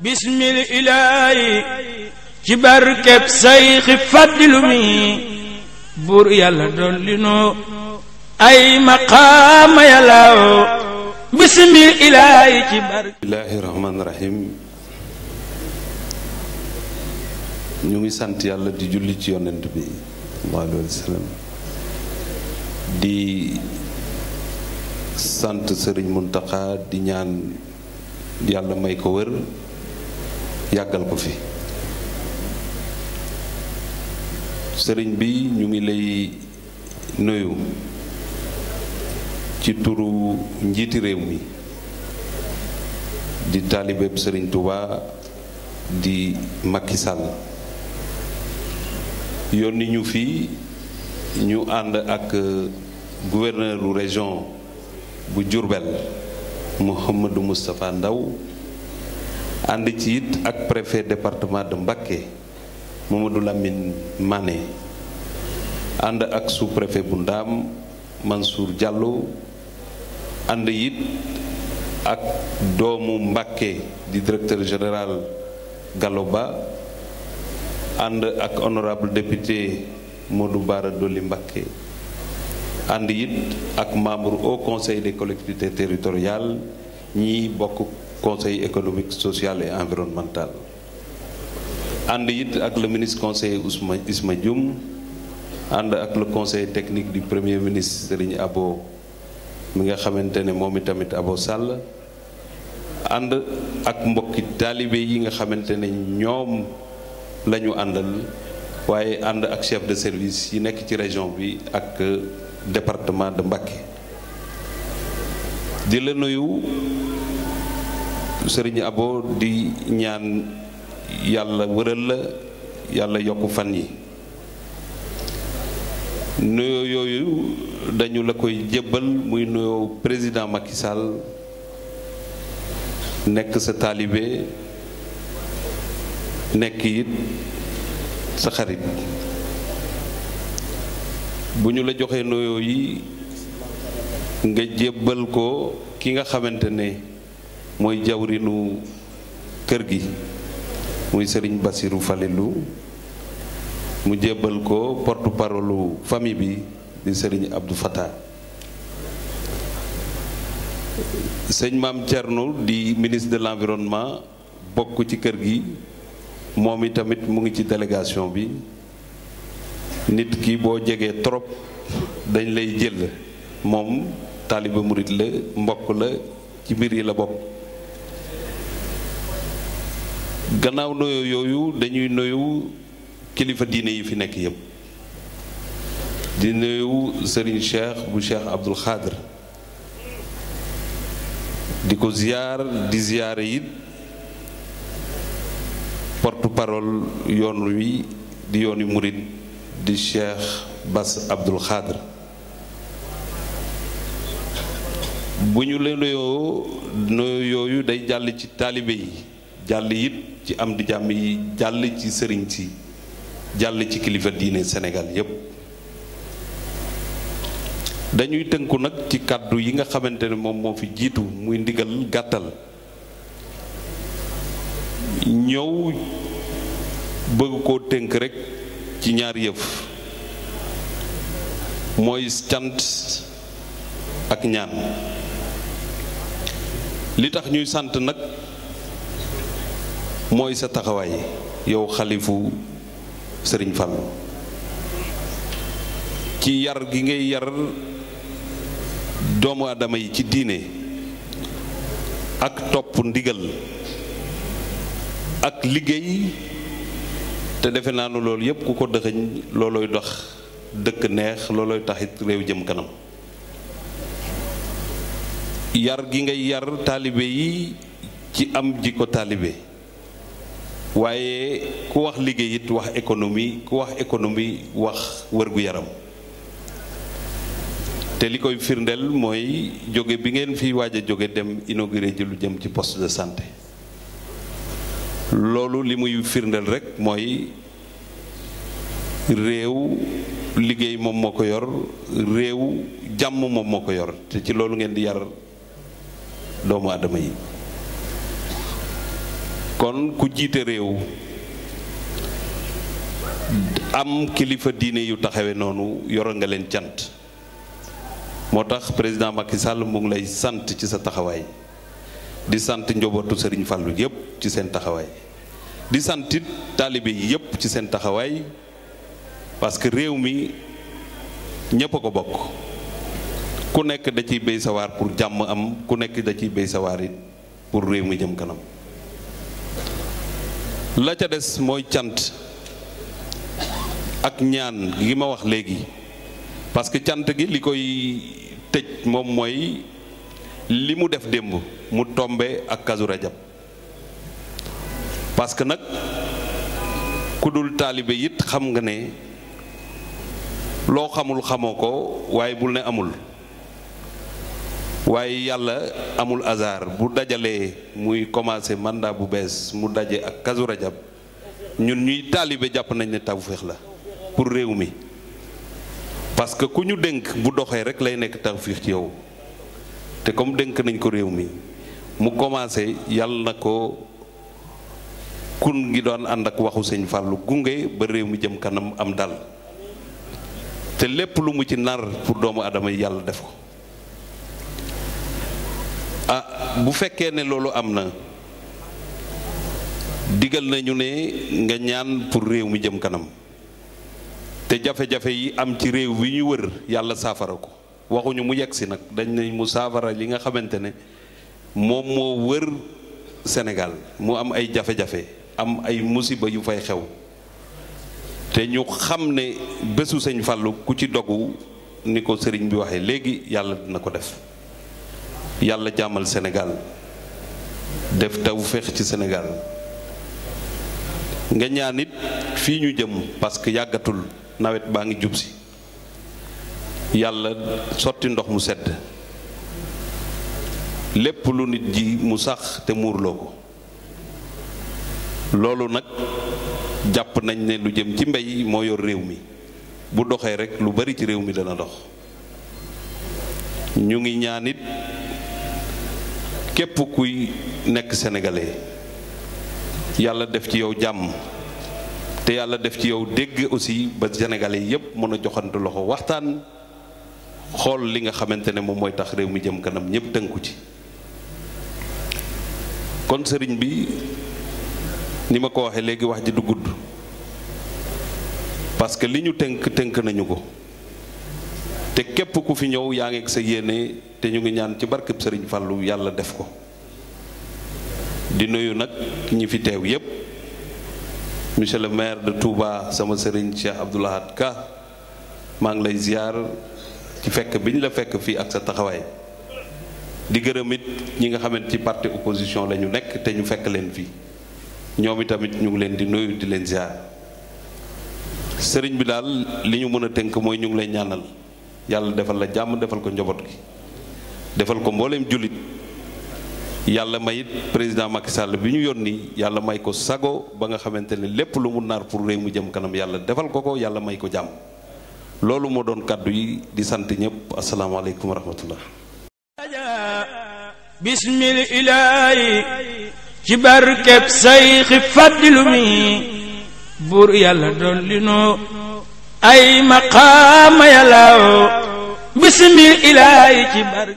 bismil ilaahi ci barkeb sayxi fàddilu buur yàlla dolli nu ay maqaama yàllaw bismil ilaahi ci barkeb bismillaahi rahmaani rahiim ngi sant yàlla di julli ci yonent sant sëriñ Muntaxa di ñaan yàlla may ko wër yàggal ko fi sëriñ bi ñu ngi lay nuyu ci turu njiiti réew mi di taalibeeb sëriñ Touba di Macky Sall yónni ñu fii ñu ànd ak gouverneuru région bu jurbel Mouhamadou Moustapha Ndaw ànd ci it ak préfet département de Mbacké Mamadou Lamine Mané ànd ak sous-préfet bu Ndaam Mansour Diallo ànd it ak doomu Mbacké di directeur général Gallo Ba ànd ak honorable député Modou Bara Dolly Mbacké ànd it ak membre au conseil des collectivités territoriales ñi bokk conseil économique social et environnemental ànd it ak le ministre conseiller Ousmane Isma Dioum ànd ak le conseil technique du premier ministre Serigne Abo mi nga xamante ne moom itamit Abo Sall ànd ak mbokki taalibe yi nga xamante ne ñoom la ñu àndal waaye ànd ak chef de service yi nekk ci région bi ak département de Mbacké di la nuyu sëriñ Abo di ñaan yàlla wëral la yàlla yokk fan yi nuyoo yooyu dañu la koy jébbal muy nuyoo président Macky nekk sa taalibe nekk it sa xarit bu ñu la joxee nuyoo yi nga jébbal ko ki nga xamante ne mooy jawrinu kër gi muy sëriñ Basiru Falilu mu jébbal ko porte parole famille bi di sëriñ abdu Fattah sëñ Maam Thierno di ministre de l'environnement bokk ci kër gi moom i tamit mu ngi ci délégation bi nit ki boo jegee torop dañ lay jël moom taaliba murit la mbokk la ci mbir yi la bokk gannaaw noyo yooyu dañuy noyu kilifa diine yi fi nekk yépp di nuyu Serigne Cheikh bu Cheikh Abdoul Khadr di ko ziyaar di ziyaare it porte parole yoon wi di yoon wi murit di Cheikh Bass Abdoul Khadr bu ñu la nuyoo yooyu day jàll ci taalibe yi jàll it ci am di jàmm yi jàll ci sëriñ si jàll ci kilifa diine senegal yépp dañuy tënku nag ci kàddu yi nga xamante ne moom moo fi jiitu muy ndigal gàttal ñëw bëgg koo tënk rekk ci ñaar yëf mooy cant ak ñaan li tax ñuy sant nag mooy sa taxawaay yow xalifu sëriñ fal ci yar gi ngay yar doomu aadama yi ci diine ak topp ndigal ak liggéey te defe naa ne loolu yëpp ku ko dëxëñ loolooy dox dëkk neex loolooy taxit réew jëm kanam yar gi ngay yar taalibe yi ci am ji ko taalibe waaye ku wax liggéey it wax économie ku wax économie wax wërgu yaram te li koy firndeel mooy jóge bi ngeen fi waaj a jóge dem inauguré ji lu jëm ci post de santé loolu li muy firndeel rek mooy réew liggéey moom moo ko yor réew jàmm moom moo ko yor te ci loolu ngeen di yar doomu aadama yi kon ku jiite réew am kilifa diine yu taxawe noonu yoroon nga leen cant moo tax président Macky Sall mu ngi lay sant ci sa taxawaay di sant njobootu Serigne Fallou yépp ci seen taxawaay di santit taalibe yi yëpp ci seen taxawaay parce que réew mi ñëpp ko bokk ku nekk da ciy béy sawaar pour jàmm am ku nekk da ciy béy sawaar it pour réew mi jëm kanam la ca des mooy cant ak ñaan ngi ma wax léegi parce que cant gi li koy tëj moom mooy li mu def démb mu tombe ak kasu rajab parce que nag ku dul taalibe it xam nga ne loo xamul xamoo ko waaye bul ne amul waaye yàlla amul hasard bu dajalee muy commencé mandat bu bees mu daje ak Kazu Rajab ñun ñuy taalibe jàpp nañ ne tawféex la pour réew mi parce que ku ñu dénk bu doxee rek lay nekk tawféex ci yow te comme dénk nañ ko réew mi mu commencé yàlla na ko kun ngi doon ànd ak waxu sëñ Fàllu gunge ba réew mi jëm kanam am dal te lépp lu mu ci nar pour doomu adama yi yàlla def ko ah bu fekkee ne loolu am na digal nañu ne nga ñaan pour réew mi jëm kanam te jafe-jafe yi am ci réew bi ñu wër yàlla saafara ko waxuñu mu yegg si nag dañ ne mu saafara li nga xamante ne moom moo wër senegal mu am ay jafe-jafe am ay musiba yu fay xew te ñu xam ne bésu sëñ Fallou ku ci dogu ni ko sëriñ bi waxee léegi yàlla dina ko def yàlla jàmmal senegal def taw feex ci senegal nga ñaan nit fii ñu jëm parce que yàggatul nawet baa ngi jub si yàlla sotti ndox mu sedd lépp lu nit ji mu sax te muurloo ko loolu nag jàpp nañ ne lu jëm ci mbay moo yor réew mi bu doxee rek lu bari ci réew mi dana dox ñu ngi ñaanit képp kuy nekk sénégalais yàlla def ci yow jàmm te yàlla def ci yow dégg aussi ba sénégalais yépp mën a joxante loxo waxtaan xool li nga xamante ne moom mooy tax réew mi jëm kanam ñépp tënku ci kon sëriñ bi ni ma ko waxee léegi wax ji du gudd parce que li ñu tënk tënk nañu ko te képp ku fi ñëw yaa ngi ak sa yéene te ñu ngi ñaan ci barkeb sëriñ Fallou yàlla def ko di nuyu nag ñi fi teew yépp monsieur le maire de Touba sama sëriñ Cheikh Abdou Lahad Ka maa ngi lay ziar ci fekk bi ñu la fekk fii ak sa taxawaay di gërëm it ñi nga xamante ci parti opposition lañu nekk te ñu fekk leen fii ñoom itamit ñu ngi leen di nuyu di leen ziar bi daal li ñu mën a tënk mooy ñu ngi lay ñaanal yàlla defal la jàmm defal ko njaboot gi defal ko mbooleem jullit yàlla may it président Macky Sall bi ñu yónni yàlla may ko sago ba nga xamante ne lépp lu mu naar pour réew mu jëm kanam yàlla defal ko ko yàlla may ko jàmm loolu moo doon kàddu yi di sant ñëpp asalaamaaleykum wa rahmatullah ci barkeb sayxi fàddilu mi buur yàlla dolli noo ay maqaama yàllaaw bismil ilaahi ci barke